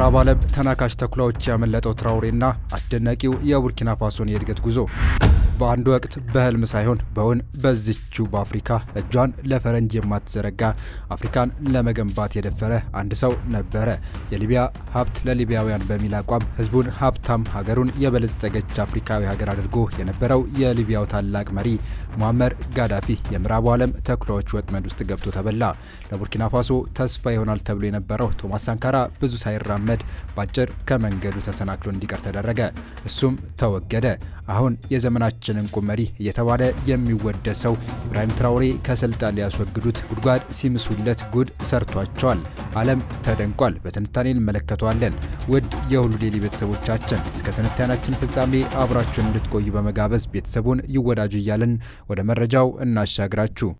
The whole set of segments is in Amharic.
ከምዕራብ ዓለም ተናካሽ ተኩላዎች ያመለጠው ትራውሬና አስደናቂው የቡርኪና ፋሶን የእድገት ጉዞ በአንድ ወቅት በህልም ሳይሆን በውን በዚችው በአፍሪካ እጇን ለፈረንጅ የማትዘረጋ አፍሪካን ለመገንባት የደፈረ አንድ ሰው ነበረ። የሊቢያ ሀብት ለሊቢያውያን በሚል አቋም ህዝቡን ሀብታም፣ ሀገሩን የበለጸገች አፍሪካዊ ሀገር አድርጎ የነበረው የሊቢያው ታላቅ መሪ ሙአመር ጋዳፊ የምዕራቡ ዓለም ተኩላዎች ወጥመድ ውስጥ ገብቶ ተበላ። ለቡርኪና ፋሶ ተስፋ ይሆናል ተብሎ የነበረው ቶማስ ሳንካራ ብዙ ሳይራመድ በአጭር ከመንገዱ ተሰናክሎ እንዲቀር ተደረገ። እሱም ተወገደ። አሁን የዘመናችን የሀገራችን እንቁ መሪ እየተባለ የሚወደሰው ኢብራሂም ትራውሬ ከስልጣን ሊያስወግዱት ጉድጓድ ሲምሱለት ጉድ ሰርቷቸዋል። ዓለም ተደንቋል። በትንታኔ እንመለከተዋለን። ውድ የሁሉ ዴይሊ ቤተሰቦቻችን እስከ ትንታኔያችን ፍጻሜ አብራችሁን እንድትቆዩ በመጋበዝ ቤተሰቡን ይወዳጁ እያልን ወደ መረጃው እናሻግራችሁ።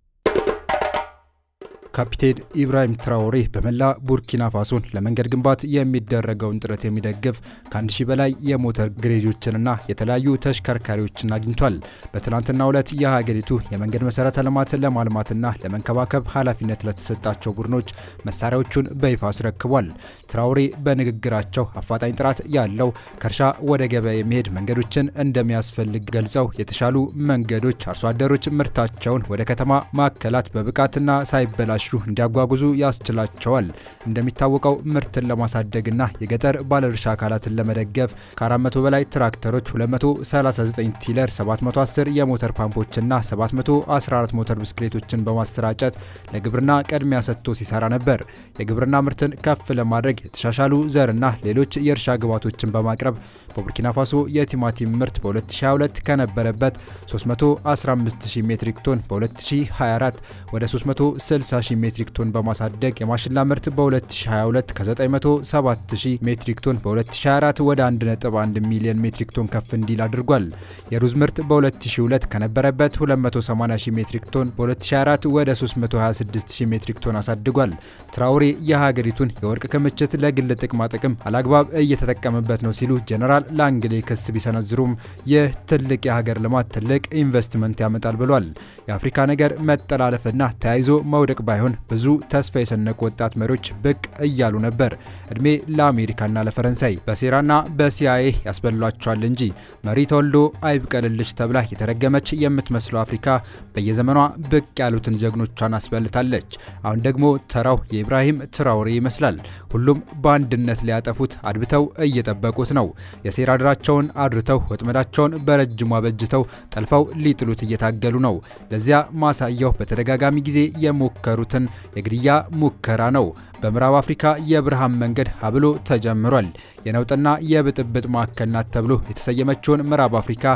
ካፒቴን ኢብራሂም ትራውሪ በመላ ቡርኪና ፋሶን ለመንገድ ግንባታ የሚደረገውን ጥረት የሚደግፍ ከአንድ ሺህ በላይ የሞተር ግሬጆችንና የተለያዩ ተሽከርካሪዎችን አግኝቷል። በትናንትናው ዕለት የሀገሪቱ የመንገድ መሰረተ ልማትን ለማልማትና ለመንከባከብ ኃላፊነት ለተሰጣቸው ቡድኖች መሳሪያዎቹን በይፋ አስረክቧል። ትራኦሬ በንግግራቸው አፋጣኝ ጥራት ያለው ከእርሻ ወደ ገበያ የሚሄድ መንገዶችን እንደሚያስፈልግ ገልጸው የተሻሉ መንገዶች አርሶ አደሮች ምርታቸውን ወደ ከተማ ማዕከላት በብቃትና ሳይበላሹ እያሻሻሉ እንዲያጓጉዙ ያስችላቸዋል። እንደሚታወቀው ምርትን ለማሳደግና የገጠር ባለድርሻ አካላትን ለመደገፍ ከ400 በላይ ትራክተሮች፣ 239 ቲለር፣ 710 የሞተር ፓምፖችና 714 ሞተር ብስክሌቶችን በማሰራጨት ለግብርና ቅድሚያ ሰጥቶ ሲሰራ ነበር። የግብርና ምርትን ከፍ ለማድረግ የተሻሻሉ ዘርና ሌሎች የእርሻ ግብዓቶችን በማቅረብ በቡርኪና ፋሶ የቲማቲም ምርት በ2022 ከነበረበት 315000 ሜትሪክ ቶን በ2024 ወደ 360 ሺ ሜትሪክ ቶን በማሳደግ የማሽላ ምርት በ2022 ከ907 ሜትሪክ ቶን በ2024 ወደ 1.1 ሚሊዮን ሜትሪክ ቶን ከፍ እንዲል አድርጓል። የሩዝ ምርት በ2002 ከነበረበት 280000 ሜትሪክ ቶን በ2024 ወደ 326000 ሜትሪክ ቶን አሳድጓል። ትራውሬ የሀገሪቱን የወርቅ ክምችት ለግል ጥቅማ ጥቅም አላግባብ እየተጠቀመበት ነው ሲሉ ጀነራል ላንግሌ ክስ ቢሰነዝሩም ይህ ትልቅ የሀገር ልማት ትልቅ ኢንቨስትመንት ያመጣል ብሏል። የአፍሪካ ነገር መጠላለፍና ተያይዞ መውደቅ ባይሆን ሳይሆን ብዙ ተስፋ የሰነቁ ወጣት መሪዎች ብቅ እያሉ ነበር። እድሜ ለአሜሪካና ለፈረንሳይ በሴራና በሲአይኤ ያስበሏቸዋል እንጂ መሪ ተወልዶ አይብቀልልሽ ተብላ የተረገመች የምትመስለው አፍሪካ በየዘመኗ ብቅ ያሉትን ጀግኖቿን አስበልታለች። አሁን ደግሞ ተራው የኢብራሂም ትራውሬ ይመስላል። ሁሉም በአንድነት ሊያጠፉት አድብተው እየጠበቁት ነው። የሴራ ድራቸውን አድርተው ወጥመዳቸውን በረጅሙ አበጅተው ጠልፈው ሊጥሉት እየታገሉ ነው። ለዚያ ማሳያው በተደጋጋሚ ጊዜ የሞከሩት የጠሩትን የግድያ ሙከራ ነው። በምዕራብ አፍሪካ የብርሃን መንገድ ሀብሎ ተጀምሯል። የነውጥና የብጥብጥ ማዕከል ናት ተብሎ የተሰየመችውን ምዕራብ አፍሪካ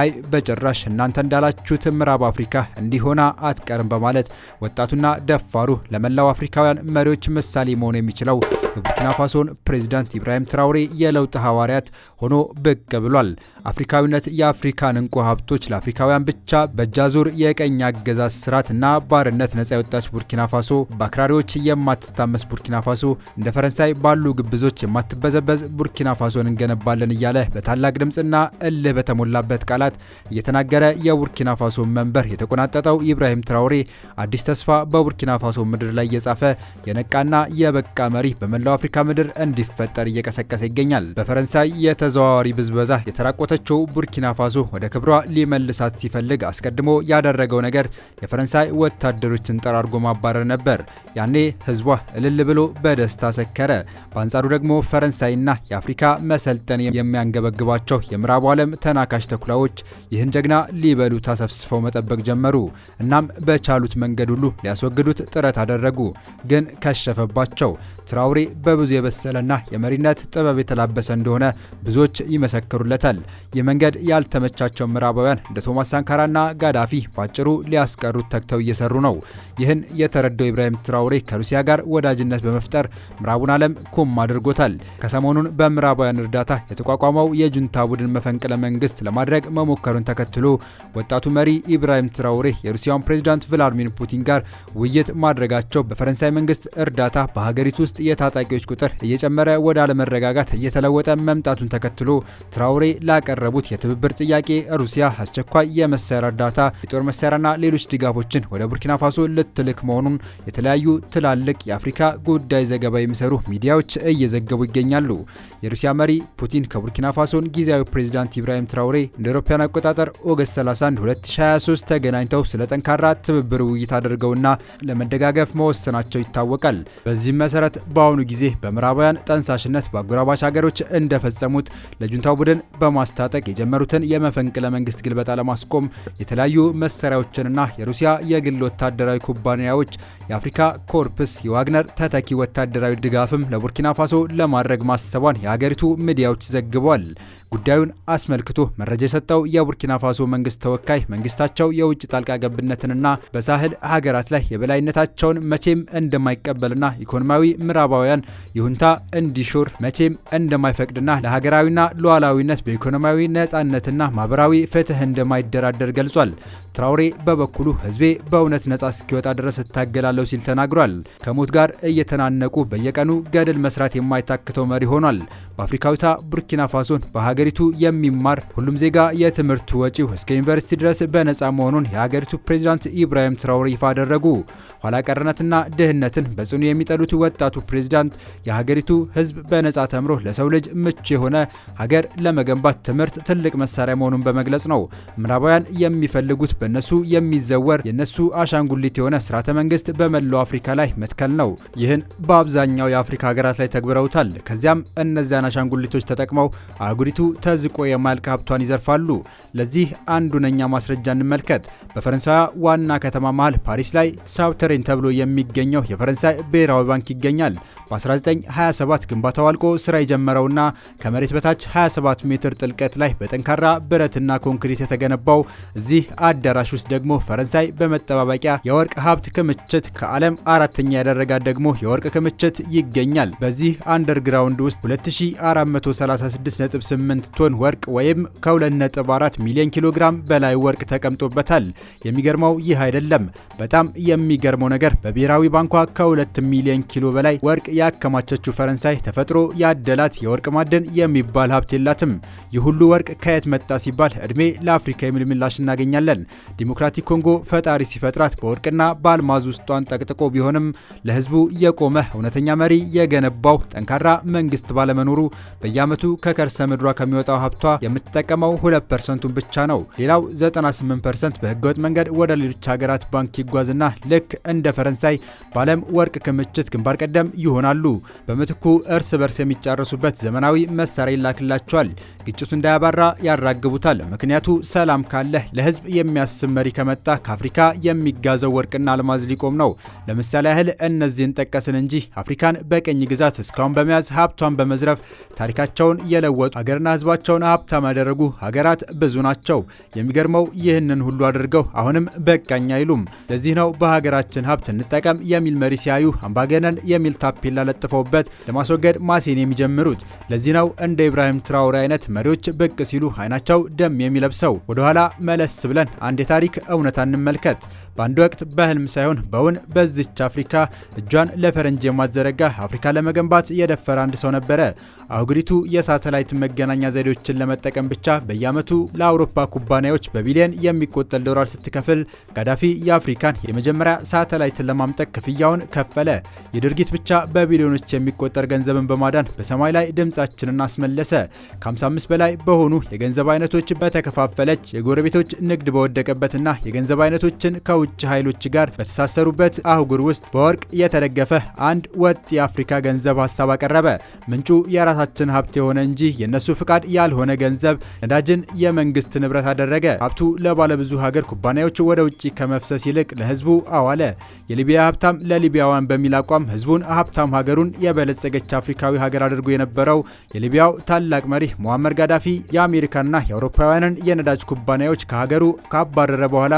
አይ በጭራሽ እናንተ እንዳላችሁት ምዕራብ አፍሪካ እንዲሆና አትቀርም በማለት ወጣቱና ደፋሩ ለመላው አፍሪካውያን መሪዎች ምሳሌ መሆን የሚችለው የቡርኪና ፋሶን ፕሬዚዳንት ኢብራሂም ትራውሬ የለውጥ ሐዋርያት ሆኖ ብቅ ብሏል። አፍሪካዊነት የአፍሪካን እንቁ ሀብቶች ለአፍሪካውያን ብቻ በጃዙር የቀኝ አገዛዝ እና ባርነት ነጻ የወጣች ቡርኪና ፋሶ፣ በአክራሪዎች የማትታመስ ቡርኪና ፋሶ፣ እንደ ፈረንሳይ ባሉ ግብዞች የማትበዘበዝ ቡርኪና ፋሶን እንገነባለን እያለ በታላቅ ድምፅና እልህ በተሞላበት ቃላት እየተናገረ የቡርኪና ፋሶ መንበር የተቆናጠጠው ኢብራሂም ትራውሬ አዲስ ተስፋ በቡርኪና ፋሶ ምድር ላይ የጻፈ የነቃና የበቃ መሪ በመላ በመላው አፍሪካ ምድር እንዲፈጠር እየቀሰቀሰ ይገኛል። በፈረንሳይ የተዘዋዋሪ ብዝበዛ የተራቆተችው ቡርኪና ፋሶ ወደ ክብሯ ሊመልሳት ሲፈልግ አስቀድሞ ያደረገው ነገር የፈረንሳይ ወታደሮችን ጠራርጎ ማባረር ነበር። ያኔ ህዝቧ እልል ብሎ በደስታ ሰከረ። በአንጻሩ ደግሞ ፈረንሳይና የአፍሪካ መሰልጠን የሚያንገበግባቸው የምዕራቡ ዓለም ተናካሽ ተኩላዎች ይህን ጀግና ሊበሉ ተሰብስፈው መጠበቅ ጀመሩ። እናም በቻሉት መንገድ ሁሉ ሊያስወግዱት ጥረት አደረጉ፣ ግን ከሸፈባቸው። ትራውሬ በብዙ የበሰለና የመሪነት ጥበብ የተላበሰ እንደሆነ ብዙዎች ይመሰክሩለታል። ይህ መንገድ ያልተመቻቸው ምዕራባውያን እንደ ቶማስ ሳንካራና ጋዳፊ ባጭሩ ሊያስቀሩት ተግተው እየሰሩ ነው። ይህን የተረዳው ኢብራሂም ትራውሬ ከሩሲያ ጋር ወዳጅነት በመፍጠር ምዕራቡን ዓለም ኮም አድርጎታል። ከሰሞኑን በምዕራባውያን እርዳታ የተቋቋመው የጁንታ ቡድን መፈንቅለ መንግስት ለማድረግ መሞከሩን ተከትሎ ወጣቱ መሪ ኢብራሂም ትራውሬ የሩሲያውን ፕሬዚዳንት ቭላድሚር ፑቲን ጋር ውይይት ማድረጋቸው በፈረንሳይ መንግስት እርዳታ በሀገሪቱ ውስጥ የታጣ። ታጣቂዎች ቁጥር እየጨመረ ወደ አለመረጋጋት እየተለወጠ መምጣቱን ተከትሎ ትራውሬ ላቀረቡት የትብብር ጥያቄ ሩሲያ አስቸኳይ የመሳሪያ እርዳታ፣ የጦር መሳሪያና ሌሎች ድጋፎችን ወደ ቡርኪና ፋሶ ልትልክ መሆኑን የተለያዩ ትላልቅ የአፍሪካ ጉዳይ ዘገባ የሚሰሩ ሚዲያዎች እየዘገቡ ይገኛሉ። የሩሲያ መሪ ፑቲን ከቡርኪና ፋሶን ጊዜያዊ ፕሬዚዳንት ኢብራሂም ትራውሬ እንደ አውሮፓውያን አቆጣጠር ኦገስት 31 2023 ተገናኝተው ስለ ጠንካራ ትብብር ውይይት አድርገውና ለመደጋገፍ መወሰናቸው ይታወቃል። በዚህም መሰረት በአሁኑ ጊዜ ጊዜ በምዕራባውያን ጠንሳሽነት በአጎራባች ሀገሮች እንደፈጸሙት ለጁንታው ቡድን በማስታጠቅ የጀመሩትን የመፈንቅለ መንግስት ግልበጣ ለማስቆም የተለያዩ መሳሪያዎችንና የሩሲያ የግል ወታደራዊ ኩባንያዎች የአፍሪካ ኮርፕስ የዋግነር ተተኪ ወታደራዊ ድጋፍም ለቡርኪና ፋሶ ለማድረግ ማሰቧን የሀገሪቱ ሚዲያዎች ዘግበዋል። ጉዳዩን አስመልክቶ መረጃ የሰጠው የቡርኪና ፋሶ መንግስት ተወካይ መንግስታቸው የውጭ ጣልቃ ገብነትንና በሳህል ሀገራት ላይ የበላይነታቸውን መቼም እንደማይቀበልና ኢኮኖሚያዊ ምዕራባውያን የኢትዮጵያን ይሁንታ እንዲሾር መቼም እንደማይፈቅድና ለሀገራዊና ሉዓላዊነት በኢኮኖሚያዊ ነጻነትና ማህበራዊ ፍትህ እንደማይደራደር ገልጿል። ትራውሬ በበኩሉ ህዝቤ በእውነት ነጻ እስኪወጣ ድረስ እታገላለሁ ሲል ተናግሯል። ከሞት ጋር እየተናነቁ በየቀኑ ገድል መስራት የማይታክተው መሪ ሆኗል። በአፍሪካዊቷ ቡርኪና ፋሶን በሀገሪቱ የሚማር ሁሉም ዜጋ የትምህርት ወጪው እስከ ዩኒቨርሲቲ ድረስ በነጻ መሆኑን የሀገሪቱ ፕሬዚዳንት ኢብራሂም ትራውር ይፋ አደረጉ። ኋላ ቀርነትና ድህነትን በጽኑ የሚጠሉት ወጣቱ ፕሬዚዳንት የሀገሪቱ ሕዝብ በነጻ ተምሮ ለሰው ልጅ ምቹ የሆነ ሀገር ለመገንባት ትምህርት ትልቅ መሳሪያ መሆኑን በመግለጽ ነው። ምዕራባውያን የሚፈልጉት በእነሱ የሚዘወር የእነሱ አሻንጉሊት የሆነ ስርዓተ መንግስት በመላው አፍሪካ ላይ መትከል ነው። ይህን በአብዛኛው የአፍሪካ ሀገራት ላይ ተግብረውታል። ከዚያም እነዚያ ባለስልጣን አሻንጉሊቶች ተጠቅመው አህጉሪቱ ተዝቆ የማልቅ ሀብቷን ይዘርፋሉ። ለዚህ አንዱነኛ ማስረጃ እንመልከት። በፈረንሳይ ዋና ከተማ መሃል ፓሪስ ላይ ሳውተሬን ተብሎ የሚገኘው የፈረንሳይ ብሔራዊ ባንክ ይገኛል። በ1927 ግንባታው አልቆ ስራ የጀመረውና ከመሬት በታች 27 ሜትር ጥልቀት ላይ በጠንካራ ብረትና ኮንክሪት የተገነባው እዚህ አዳራሽ ውስጥ ደግሞ ፈረንሳይ በመጠባበቂያ የወርቅ ሀብት ክምችት ከዓለም አራተኛ ያደረጋት ደግሞ የወርቅ ክምችት ይገኛል። በዚህ አንደርግራውንድ ውስጥ 2000 1436.8 ቶን ወርቅ ወይም ከ2.4 ሚሊዮን ኪሎ ግራም በላይ ወርቅ ተቀምጦበታል። የሚገርመው ይህ አይደለም። በጣም የሚገርመው ነገር በብሔራዊ ባንኳ ከ2 ሚሊዮን ኪሎ በላይ ወርቅ ያከማቸችው ፈረንሳይ ተፈጥሮ ያደላት የወርቅ ማዕድን የሚባል ሀብት የላትም። ይህ ሁሉ ወርቅ ከየት መጣ ሲባል እድሜ ለአፍሪካ የሚል ምላሽ እናገኛለን። ዲሞክራቲክ ኮንጎ ፈጣሪ ሲፈጥራት በወርቅና በአልማዝ ውስጧን ጠቅጥቆ ቢሆንም ለህዝቡ የቆመ እውነተኛ መሪ የገነባው ጠንካራ መንግስት ባለመኖሩ በየዓመቱ ከከርሰ ምድሯ ከሚወጣው ሀብቷ የምትጠቀመው 2 ፐርሰንቱን ብቻ ነው። ሌላው 98 ፐርሰንት በህገወጥ መንገድ ወደ ሌሎች ሀገራት ባንክ ይጓዝና ልክ እንደ ፈረንሳይ በዓለም ወርቅ ክምችት ግንባር ቀደም ይሆናሉ። በምትኩ እርስ በርስ የሚጫረሱበት ዘመናዊ መሳሪያ ይላክላቸዋል። ግጭቱ እንዳያባራ ያራግቡታል። ምክንያቱ ሰላም ካለ ለህዝብ የሚያስብ መሪ ከመጣ ከአፍሪካ የሚጋዘው ወርቅና አልማዝ ሊቆም ነው። ለምሳሌ ያህል እነዚህን ጠቀስን እንጂ አፍሪካን በቅኝ ግዛት እስካሁን በመያዝ ሀብቷን በመዝረፍ ታሪካቸውን የለወጡ ሀገርና ህዝባቸውን ሀብታም ያደረጉ ሀገራት ብዙ ናቸው። የሚገርመው ይህንን ሁሉ አድርገው አሁንም በቃኝ አይሉም። ለዚህ ነው በሀገራችን ሀብት እንጠቀም የሚል መሪ ሲያዩ አምባገነን የሚል ታፔላ ለጥፈውበት ለማስወገድ ማሴን የሚጀምሩት። ለዚህ ነው እንደ ኢብራሂም ትራውሬ አይነት መሪዎች ብቅ ሲሉ አይናቸው ደም የሚለብሰው። ወደኋላ መለስ ብለን አንድ የታሪክ እውነታ እንመልከት። በአንድ ወቅት በህልም ሳይሆን በውን በዚች አፍሪካ እጇን ለፈረንጅ የማዘረጋ አፍሪካ ለመገንባት የደፈረ አንድ ሰው ነበረ። አህጉሪቱ የሳተላይት መገናኛ ዘዴዎችን ለመጠቀም ብቻ በየዓመቱ ለአውሮፓ ኩባንያዎች በቢሊየን የሚቆጠል ዶላር ስትከፍል ጋዳፊ የአፍሪካን የመጀመሪያ ሳተላይትን ለማምጠቅ ክፍያውን ከፈለ። የድርጊት ብቻ በቢሊዮኖች የሚቆጠር ገንዘብን በማዳን በሰማይ ላይ ድምፃችንን አስመለሰ። ከ55 በላይ በሆኑ የገንዘብ አይነቶች በተከፋፈለች የጎረቤቶች ንግድ በወደቀበትና የገንዘብ አይነቶችን ከው ከውጭ ኃይሎች ጋር በተሳሰሩበት አህጉር ውስጥ በወርቅ የተደገፈ አንድ ወጥ የአፍሪካ ገንዘብ ሀሳብ አቀረበ። ምንጩ የራሳችን ሀብት የሆነ እንጂ የእነሱ ፍቃድ ያልሆነ ገንዘብ ነዳጅን የመንግስት ንብረት አደረገ። ሀብቱ ለባለብዙ ሀገር ኩባንያዎች ወደ ውጭ ከመፍሰስ ይልቅ ለህዝቡ አዋለ። የሊቢያ ሀብታም ለሊቢያውያን በሚል አቋም ህዝቡን ሀብታም ሀገሩን የበለጸገች አፍሪካዊ ሀገር አድርጎ የነበረው የሊቢያው ታላቅ መሪ ሙአመር ጋዳፊ የአሜሪካና የአውሮፓውያንን የነዳጅ ኩባንያዎች ከሀገሩ ካባረረ በኋላ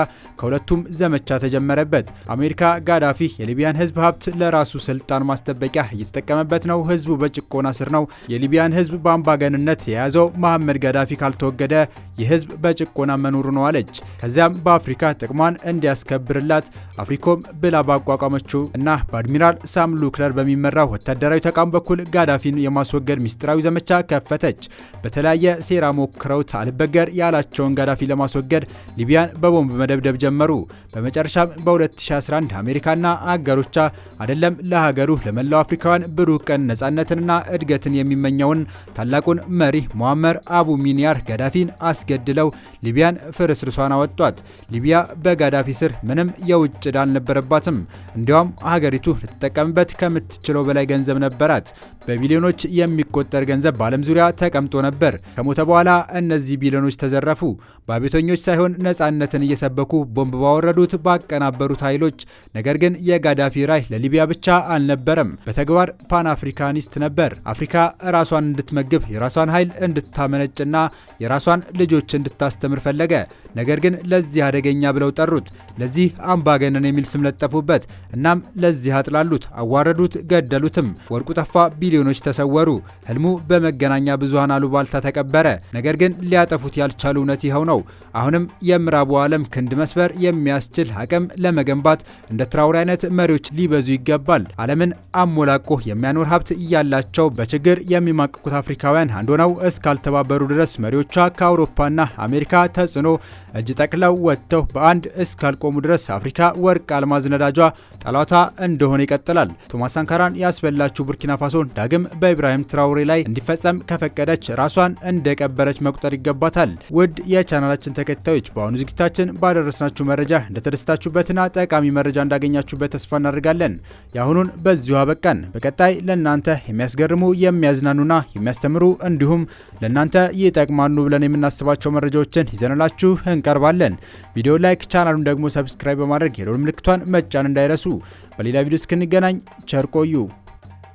ከሁለቱም ዘመ ዘመቻ ተጀመረበት። አሜሪካ ጋዳፊ የሊቢያን ህዝብ ሀብት ለራሱ ስልጣን ማስጠበቂያ እየተጠቀመበት ነው፣ ህዝቡ በጭቆና ስር ነው፣ የሊቢያን ህዝብ በአምባገንነት የያዘው መሐመድ ጋዳፊ ካልተወገደ የህዝብ በጭቆና መኖሩ ነው አለች። ከዚያም በአፍሪካ ጥቅሟን እንዲያስከብርላት አፍሪኮም ብላ ባቋቋመችው እና በአድሚራል ሳም ሉክለር በሚመራው ወታደራዊ ተቋም በኩል ጋዳፊን የማስወገድ ሚስጥራዊ ዘመቻ ከፈተች። በተለያየ ሴራ ሞክረውት አልበገር ያላቸውን ጋዳፊ ለማስወገድ ሊቢያን በቦምብ መደብደብ ጀመሩ። በመጨረሻም በ2011 አሜሪካና አጋሮቿ አይደለም ለሀገሩ ለመላው አፍሪካውያን ብሩህ ቀን ነጻነትንና እድገትን የሚመኘውን ታላቁን መሪ ሞአመር አቡ ሚኒያር ጋዳፊን አስገድለው ሊቢያን ፍርስርሷን አወጧት። ሊቢያ በጋዳፊ ስር ምንም የውጭ ዕዳ አልነበረባትም። እንዲያውም ሀገሪቱ ልትጠቀምበት ከምትችለው በላይ ገንዘብ ነበራት። በቢሊዮኖች የሚቆጠር ገንዘብ በዓለም ዙሪያ ተቀምጦ ነበር። ከሞተ በኋላ እነዚህ ቢሊዮኖች ተዘረፉ። በአብዮተኞች ሳይሆን ነፃነትን እየሰበኩ ቦምብ ባወረዱት ባቀናበሩት ኃይሎች። ነገር ግን የጋዳፊ ራይ ለሊቢያ ብቻ አልነበረም፣ በተግባር ፓን አፍሪካኒስት ነበር። አፍሪካ ራሷን እንድትመግብ የራሷን ኃይል እንድታመነጭና የራሷን ልጆች እንድታስተምር ፈለገ። ነገር ግን ለዚህ አደገኛ ብለው ጠሩት። ለዚህ አምባገነን የሚል ስም ለጠፉበት። እናም ለዚህ አጥላሉት፣ አዋረዱት፣ ገደሉትም። ወርቁ ጠፋ ቢሊዮ ሚሊዮኖች ተሰወሩ። ህልሙ በመገናኛ ብዙሃን አሉባልታ ተቀበረ። ነገር ግን ሊያጠፉት ያልቻሉ እውነት ይኸው ነው። አሁንም የምዕራቡ ዓለም ክንድ መስበር የሚያስችል አቅም ለመገንባት እንደ ትራውሬ አይነት መሪዎች ሊበዙ ይገባል። ዓለምን አሞላቆ የሚያኖር ሀብት እያላቸው በችግር የሚማቅቁት አፍሪካውያን አንዱ ነው። እስካልተባበሩ ድረስ መሪዎቿ ከአውሮፓና አሜሪካ ተጽዕኖ እጅ ጠቅለው ወጥተው በአንድ እስካልቆሙ ድረስ አፍሪካ ወርቅ አልማዝ ነዳጇ ጠላቷ እንደሆነ ይቀጥላል። ቶማስ ሳንካራን ያስበላችሁ ቡርኪና ፋሶን ዳግም በኢብራሂም ትራውሬ ላይ እንዲፈጸም ከፈቀደች ራሷን እንደቀበረች መቁጠር ይገባታል። ውድ የቻናላችን ተከታዮች በአሁኑ ዝግጅታችን ባደረስናችሁ መረጃ እንደተደስታችሁበትና ጠቃሚ መረጃ እንዳገኛችሁበት ተስፋ እናደርጋለን። የአሁኑን በዚሁ አበቃን። በቀጣይ ለእናንተ የሚያስገርሙ የሚያዝናኑና የሚያስተምሩ እንዲሁም ለእናንተ ይጠቅማሉ ብለን የምናስባቸው መረጃዎችን ይዘንላችሁ እንቀርባለን። ቪዲዮ ላይክ፣ ቻናሉን ደግሞ ሰብስክራይብ በማድረግ የደወል ምልክቷን መጫን እንዳይረሱ። በሌላ ቪዲዮ እስክንገናኝ ቸር ቆዩ።